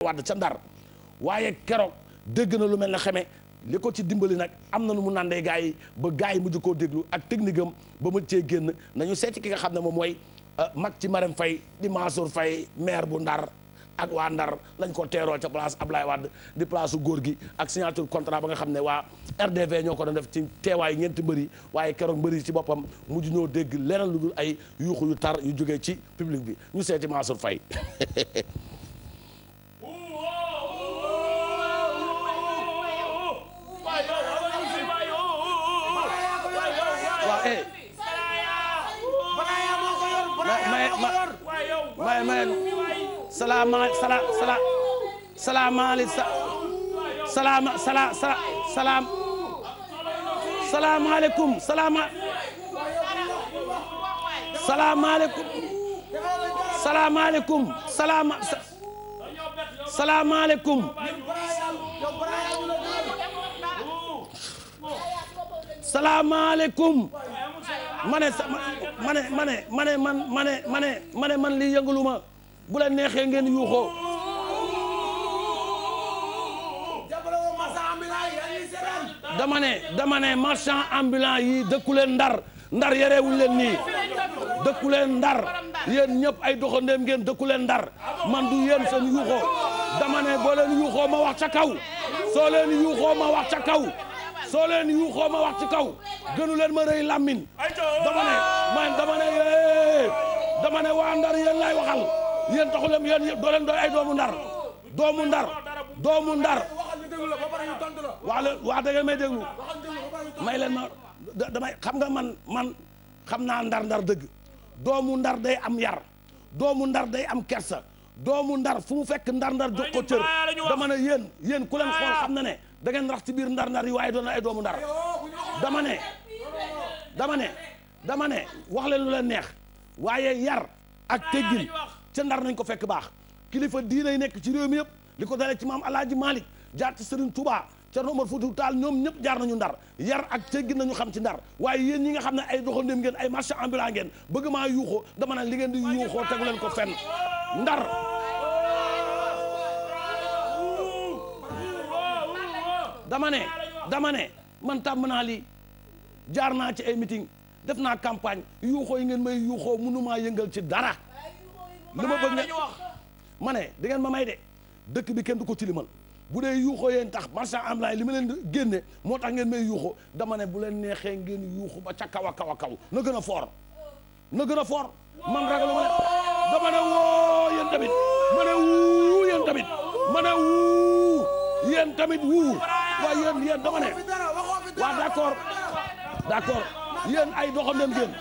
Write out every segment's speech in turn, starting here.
wadd ca ndar waaye keroog dégg na lu mel ne xeme li ko ci dimbali nag am na nu mu nandee gars yi ba gars yi mujj koo déglu ak technique ba mu cee génn nañu seeti ki nga xam ne moom mooy euh, mag ci Marème Faye di Mansour Faye maire bu Ndar ak waa Ndar lañ ko teeroo ca place Ablaye Wade di place góor gi ak signature contrat ba nga xam ne waa RDV ñoo ko doon def ci teewaay ñeenti mbër yi waaye keroog mbër yi ci boppam mujj ñoo dégg leneen lu dul ay yuuxu yu tar yu jógee ci public bi ñu seeti Mansour waaye ma ne salaama sala sala salaamaali sa salaama sala sala salaam salaamaaleykum salaama salaamaaleykum salaamaaleykum salaama salaamaaleykum salaamaaleykum ma ne ma ne ma ne ma ne man ma ne ma ne ma ne man li yëngalu ma bu la neexee ngeen yuuxoo dama ne dama ne marchand ambulant yi dëkku leen ndar ndar yarewuñ leen nii dëkku leen ndar yéen ñëpp ay doxandéem ngeen dëkku leen ndar man du yéen seen yuuxoo dama ne boo leen yuuxoo ma wax ca kaw soo leen yuuxoo ma wax ca kaw soo leen yuuxoo ma wax ci kaw gënu leen ma rëy làmmiñ dama ne man dama ne dama ne waa ndar yéen lay waxal yéen taxulem yéen yëpp doo leen ay doomu ndar doomu ndar wax leen da ngeen may déglu may leen ma xam nga man man xam naa ndar ndar dëgg doomu ndar day am yar doomu ndar day am kersa doomu ndar fu mu fekk ndar ndar jox ko cër dama ne yéen ku leen xool xam na ne da ngeen rax ci biir ndar ndar yi waaye doon ay doomu ndar dama ne dama ne dama ne wax leen lu leen neex waaye yar ak teggin ca ndar nañ ko fekk baax kilifa diinay nekk ci réew mi yëpp li ko dalee ci maam alaaji Malick jaar ci Serigne Touba Thierno Omar Foutiyou taal ñoom ñëpp jaar nañu ndar yar ak teggin nañu xam ci ndar waaye yéen ñi nga xam ne ay doxandéem ngeen ay marché ambulant ngeen bëgg maa yuuxoo dama li ngeen di yuuxoo tegu leen ko fenn ndar dama ne dama ne man tàmm naa lii jaar naa ci ay meeting def naa campagne yuuxoo yi ngeen may yuuxoo mënumaa yëngal ci dara li ma bëgg ne di ngeen ma may de dëkk bi kenn du ko tilimal bu dee yuuxoo yéen tax marchand ambulant li ma leen génne moo tax ngeen may yuuxoo dama ne bu leen neexee ngeen yuuxu ba ca kaw a kaw a kaw na gën a foor na gën a foor man ragal ma ne dama ne woo yéen tamit ma ne wuu yéen tamit wuu yéen tamit wuu waaye yéen yéen dama yéen ay doxandem ngeen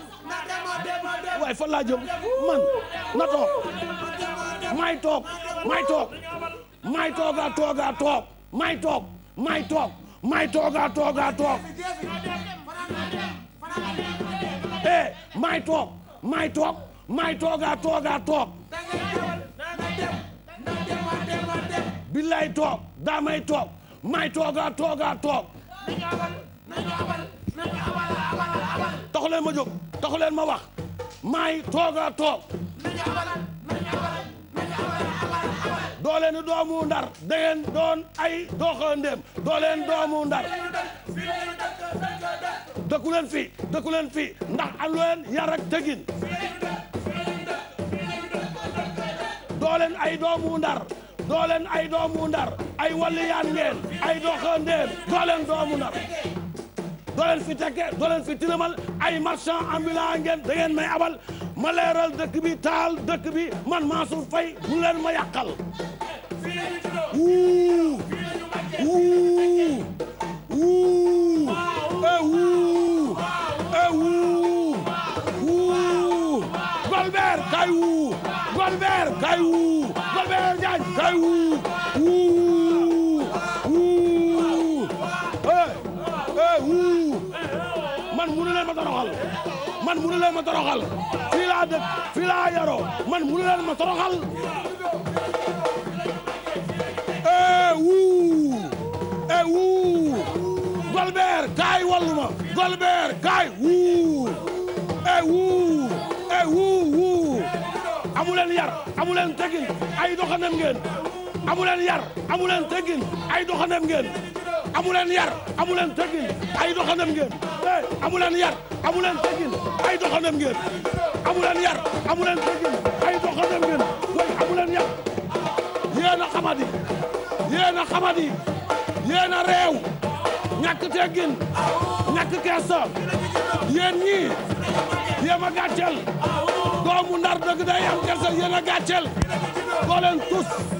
waaye fan laa jëm man na toog maay toog maay toog maay toogaa toogaa toog maay toog maay toog maay toogaa toogaa toog eh maay toog maay toog maay toogaa toogaa toog billaay toog may toog maay toogaa toog taxuleen ma jóg taxuleen ma wax maay tooga toog doo leen doomu ndar ay doo leen doomu ndar dëkku leen fii dëkku leen fii ay doomu ndar doo leen ay doomu ndar ay waliyaan ngeen ay doxandéem doo doomu ndar doo leen fi tekke doo fi tilimal ay marchand ambulant ngeen may abal ma dëkk bi taal dëkk bi man Mansour Faye bu leen wuu wuu wuu e kay wuu Golbert kay wuu Golbert Diagne kay wuu man mënu leen ma toroxal fii laa dëkk fii yaroo man mënu toroxal ee eh, wuu ee eh, kaay wallu ma kaay wuu ee eh, wuu ee yar amu leen ay doxandem ngeen amu yar amu leen ay doxandem ngeen amu yar amu leen ay doxandem ngeen amuleen yar amuleen teggin ay doxandam ngeen amuleen yar amuleen teggin ay doxandam ngeen way amuleen yar yéen a xamadi yéen a xamadi yéen a réew ñàkk teggin ñàkk kersa a gàcceel doomu ndar dëgg day kersa yéen a gàcceel tus